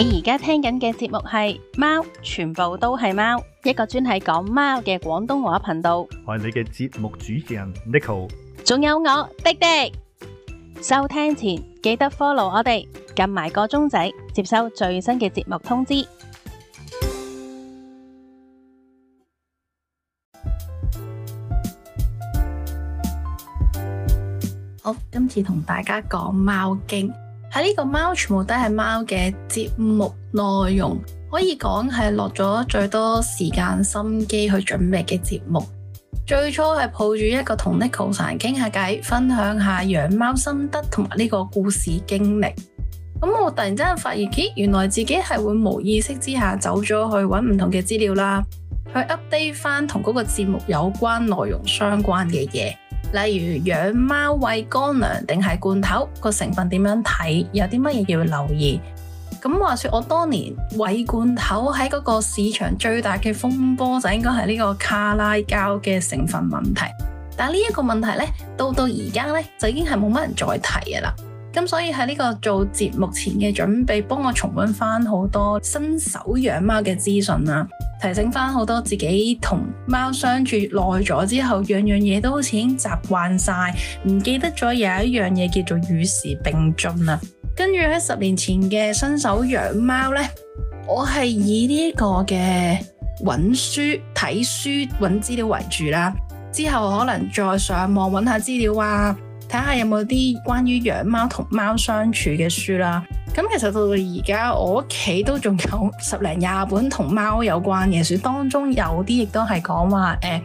你而家聽緊嘅節目係貓，全部都係貓，一個專係講貓嘅廣東話頻道。我係你嘅節目主持人 Neko，仲有我廸廸。收聽前記得 follow 我哋，撳埋個鐘仔，接收最新嘅節目通知。好，今次同大家講貓經。呢個貓全部都係貓嘅節目內容，可以講係落咗最多時間心機去準備嘅節目。最初係抱住一個同 Neko 談傾下偈，分享下養貓心得同埋呢個故事經歷。咁我突然之間發現，咦，原來自己係會無意識之下走咗去揾唔同嘅資料啦，去 update 翻同嗰個節目有關內容相關嘅嘢。例如養貓餵乾糧定係罐頭，個成分點樣睇？有啲乜嘢要留意？咁話說我當年餵罐頭喺嗰個市場最大嘅風波就應該係呢個卡拉膠嘅成分問題，但呢一個問題呢，到到而家呢，就已經係冇乜人再提嘅啦。咁所以喺呢個做節目前嘅準備，幫我重温返好多新手養貓嘅資訊啦。提醒翻好多自己同貓相處耐咗之後，樣樣嘢都好似已經習慣晒。唔記得咗有一樣嘢叫做與時並進啊！跟住喺十年前嘅新手養貓咧，我係以呢個嘅揾書、睇書、揾資料為主啦，之後可能再上網揾下資料啊。睇下有冇啲關於養貓同貓相處嘅書啦。咁其實到到而家，我屋企都仲有十零廿本同貓有關嘅書，當中有啲亦都係講話誒，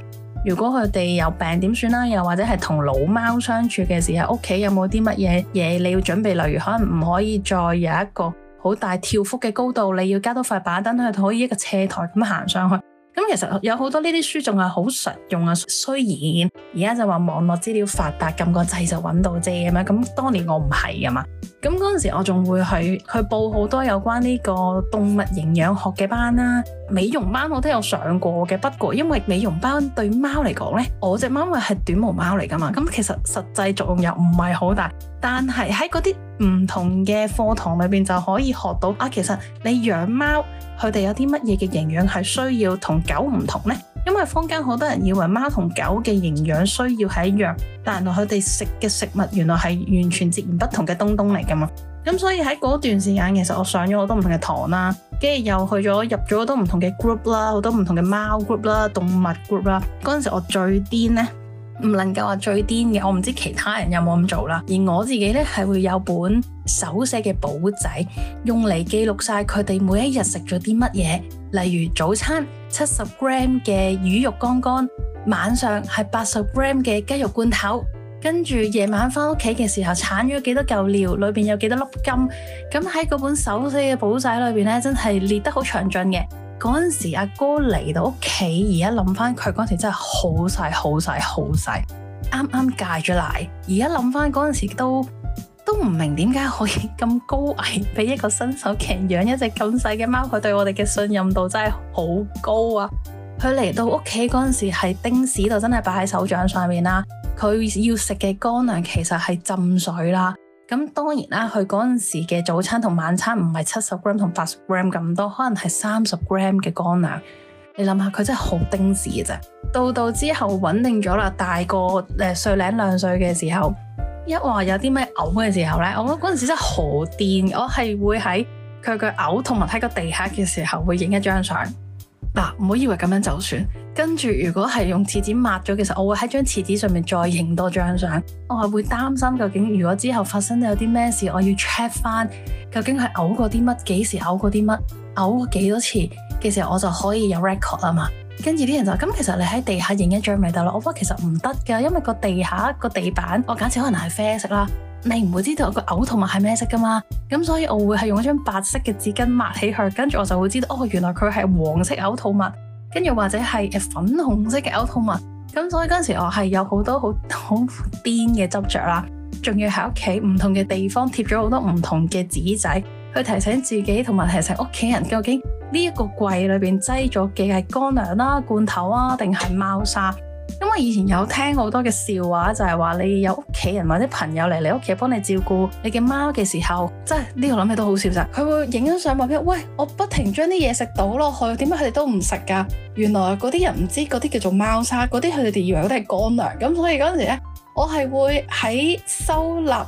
如果佢哋有病點算啦？又或者係同老貓相處嘅時候，屋企有冇啲乜嘢嘢你要準備？例如可能唔可以再有一個好大跳幅嘅高度，你要加多塊板凳去，可以一個斜台咁行上去。咁其實有好多呢啲書仲係好實用啊，雖然而家就話網絡資料發達，咁個掣就揾到啫，咁當年我唔係㗎嘛，咁嗰時我仲會去去報好多有關呢個動物營養學嘅班啦啊。美容班我都有上過嘅，不過因為美容班對貓嚟講呢，我隻貓咪係短毛貓嚟噶嘛，咁其實實際作用又唔係好大。但係喺嗰啲唔同嘅課堂裏邊就可以學到啊，其實你養貓佢哋有啲乜嘢嘅營養係需要同狗唔同呢？因為坊間好多人以為貓同狗嘅營養需要係一樣，但係佢哋食嘅食物原來係完全截然不同嘅東東嚟噶嘛。咁所以喺嗰段時間，其實我上咗好多唔同嘅堂啦，跟住又去咗入咗好多唔同嘅 group 啦，好多唔同嘅貓 group 啦、動物 group 啦。嗰陣時我最癲咧，唔能夠話最癲嘅，我唔知其他人有冇咁做啦。而我自己咧，係會有本手寫嘅簿仔，用嚟記錄晒佢哋每一日食咗啲乜嘢，例如早餐七十 gram 嘅魚肉乾乾乾，晚上係八十 gram 嘅雞肉罐頭。跟住夜晚翻屋企嘅時候，鏟咗幾多嚿料，裏邊有幾多粒金，咁喺嗰本手寫嘅簿仔裏邊咧，真係列得好詳盡嘅。嗰陣時阿哥嚟到屋企，而家諗翻佢嗰陣時真係好細好細好細，啱啱戒咗奶，而家諗翻嗰陣時都都唔明點解可以咁高危，俾一個新手企養一隻咁細嘅貓，佢對我哋嘅信任度真係好高啊！佢嚟到屋企嗰陣時係丁屎度，真係擺喺手掌上面啦。佢要食嘅乾糧其實係浸水啦，咁當然啦，佢嗰陣時嘅早餐同晚餐唔係七十 gram 同八十 gram 咁多，可能係三十 gram 嘅乾糧。你諗下，佢真係好丁字嘅啫。到到之後穩定咗啦，大個誒歲零兩，兩歲嘅時候，一話有啲咩嘔嘅時候咧，我覺得嗰陣時真係好癲，我係會喺佢嘅嘔同埋喺個地下嘅時候會影一張相。嗱，唔好、啊、以為咁樣就算。跟住如果係用廁紙抹咗嘅時候，我會喺張廁紙上面再影多張相。我係會擔心究竟如果之後發生有啲咩事，我要 check 翻究竟係嘔過啲乜，幾時嘔過啲乜，嘔過幾多次嘅時候，我就可以有 record 啊嘛。跟住啲人就咁，其實你喺地下影一張咪得咯。我話其實唔得㗎，因為個地下個地板，我假設可能係啡色啦。你唔會知道個嘔吐物係咩色噶嘛？咁所以我會係用一張白色嘅紙巾抹起佢，跟住我就會知道哦，原來佢係黃色嘔吐物，跟住或者係粉紅色嘅嘔吐物。咁所以嗰陣時我係有好多好好癲嘅執着啦，仲要喺屋企唔同嘅地方貼咗好多唔同嘅紙仔，去提醒自己同埋提醒屋企人究竟呢一個櫃裏邊擠咗嘅係乾糧啦、啊、罐頭啊，定係貓砂？因為以前有聽好多嘅笑話，就係話你有屋企人或者朋友嚟你屋企幫你照顧你嘅貓嘅時候，真係呢個諗起都好笑啫。佢會影咗相，話俾佢喂，我不停將啲嘢食倒落去，點解佢哋都唔食噶？原來嗰啲人唔知嗰啲叫做貓砂，嗰啲佢哋以為嗰啲係乾糧。咁所以嗰陣時咧，我係會喺收納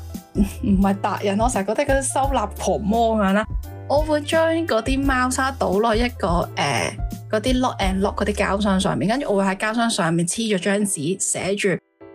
唔係達人，我成日覺得嗰啲收納婆魔咁樣啦，我會將嗰啲貓砂倒落一個誒，呃嗰啲 lock and lock 嗰啲膠箱上面，跟住我會喺膠箱上面黐咗張紙，寫住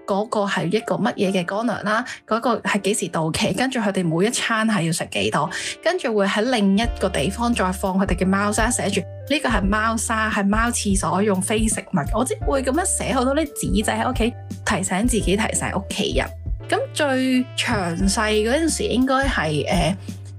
嗰個係一個乜嘢嘅乾糧啦，嗰、嗰個係幾時到期，跟住佢哋每一餐係要食幾多，跟住會喺另一個地方再放佢哋嘅貓砂，寫住呢個係貓砂係貓廁所用非食物，我即會咁樣寫好多啲紙仔喺屋企提醒自己提醒屋企人。咁最詳細嗰陣時應該係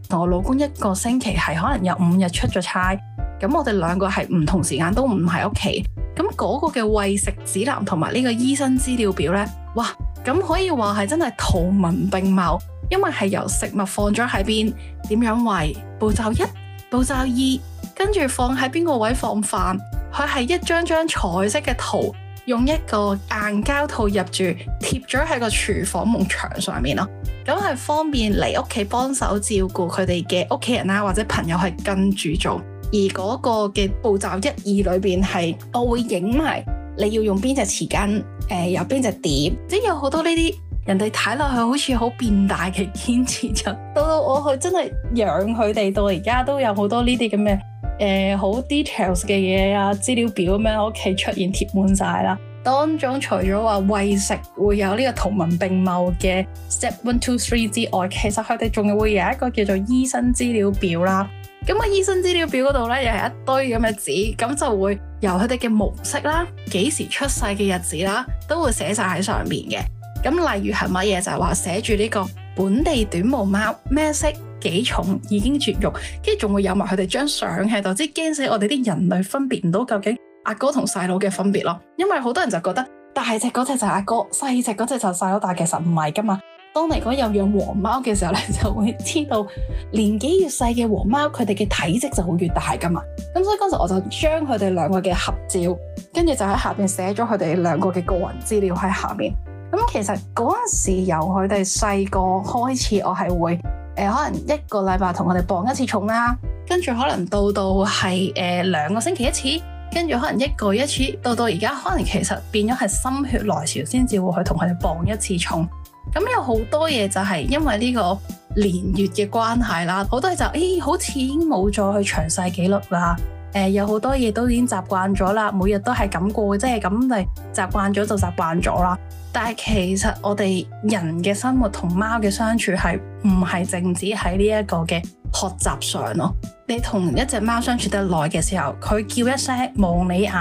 同、呃、我老公一個星期係可能有五日出咗差。咁我哋兩個係唔同時間都唔喺屋企，咁嗰個嘅餵食指南同埋呢個醫生資料表呢，哇，咁可以話係真係圖文並茂，因為係由食物放咗喺邊，點樣餵，步驟一，步驟二，跟住放喺邊個位放飯，佢係一張張彩色嘅圖，用一個硬膠套入住，貼咗喺個廚房門牆上面咯，咁係方便嚟屋企幫手照顧佢哋嘅屋企人啦，或者朋友係跟住做。而嗰個嘅步驟一二裏邊係，我會影埋你要用邊隻匙羹，誒、呃、有邊隻碟，即係有好多呢啲人哋睇落去好似好變大嘅堅持，就到到我去真係養佢哋，到而家都有好多呢啲咁嘅誒好 details 嘅嘢啊，資料表咁樣喺屋企出現貼滿晒啦。當中除咗話餵食會有呢個圖文並茂嘅 step one to three 之外，其實佢哋仲會有一個叫做醫生資料表啦。咁個醫生資料表嗰度咧，又係一堆咁嘅字，咁就會由佢哋嘅模式啦、幾時出世嘅日子啦，都會寫曬喺上面嘅。咁例如係乜嘢就係、是、話寫住呢個本地短毛貓咩色幾重已經絕育，跟住仲會有埋佢哋張相喺度，之驚死我哋啲人類分辨唔到究竟阿哥同細佬嘅分別咯。因為好多人就覺得，大隻嗰隻就阿哥，哥，細隻嗰隻就細佬，但其實唔係㗎嘛。當你講有養黃貓嘅時候咧，你就會知道年紀越細嘅黃貓佢哋嘅體積就會越大噶嘛。咁所以嗰陣時我就將佢哋兩個嘅合照，跟住就喺下邊寫咗佢哋兩個嘅個人資料喺下面。咁其實嗰陣時由佢哋細個開始，我係會誒、呃、可能一個禮拜同佢哋磅一次重啦，跟住可能到到係誒兩個星期一次，跟住可能一個一次，到到而家可能其實變咗係心血來潮先至會去同佢哋磅一次重。咁有好多嘢就係因為呢個年月嘅關係啦，多哎、好多嘢就誒好似已經冇再去詳細記錄啦。誒、呃、有好多嘢都已經習慣咗啦，每日都係咁過，即係咁你習慣咗就習慣咗啦。但係其實我哋人嘅生活同貓嘅相處係唔係淨止喺呢一個嘅學習上咯。你同一隻貓相處得耐嘅時候，佢叫一聲望你眼，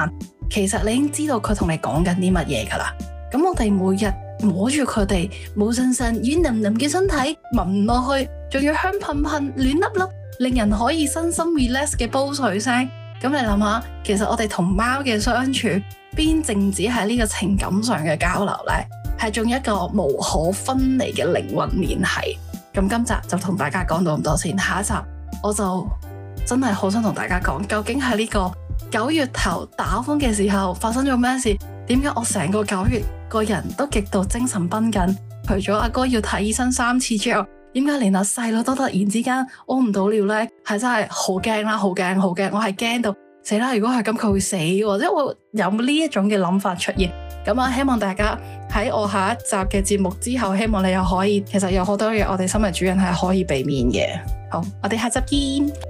其實你已經知道佢同你講緊啲乜嘢噶啦。咁我哋每日。摸住佢哋，冇神神軟腍腍嘅身體，聞落去仲要香噴噴、暖笠笠，令人可以身心 relax 嘅煲水聲。咁你諗下，其實我哋同貓嘅相處，邊淨止係呢個情感上嘅交流呢？係仲一個無可分離嘅靈魂聯繫。咁今集就同大家講到咁多先，下一集我就真係好想同大家講，究竟係呢個。九月頭打風嘅時候發生咗咩事？點解我成個九月個人都極度精神繃緊？除咗阿哥，哥要睇醫生三次之外，點解連阿細佬都突然之間屙唔到尿咧？係真係好驚啦，好驚，好驚！我係驚到死啦！如果係咁，佢會死喎，即我有呢一種嘅諗法出現。咁啊，希望大家喺我下一集嘅節目之後，希望你又可以，其實有好多嘢我哋身為主人係可以避免嘅。好，我哋下集見。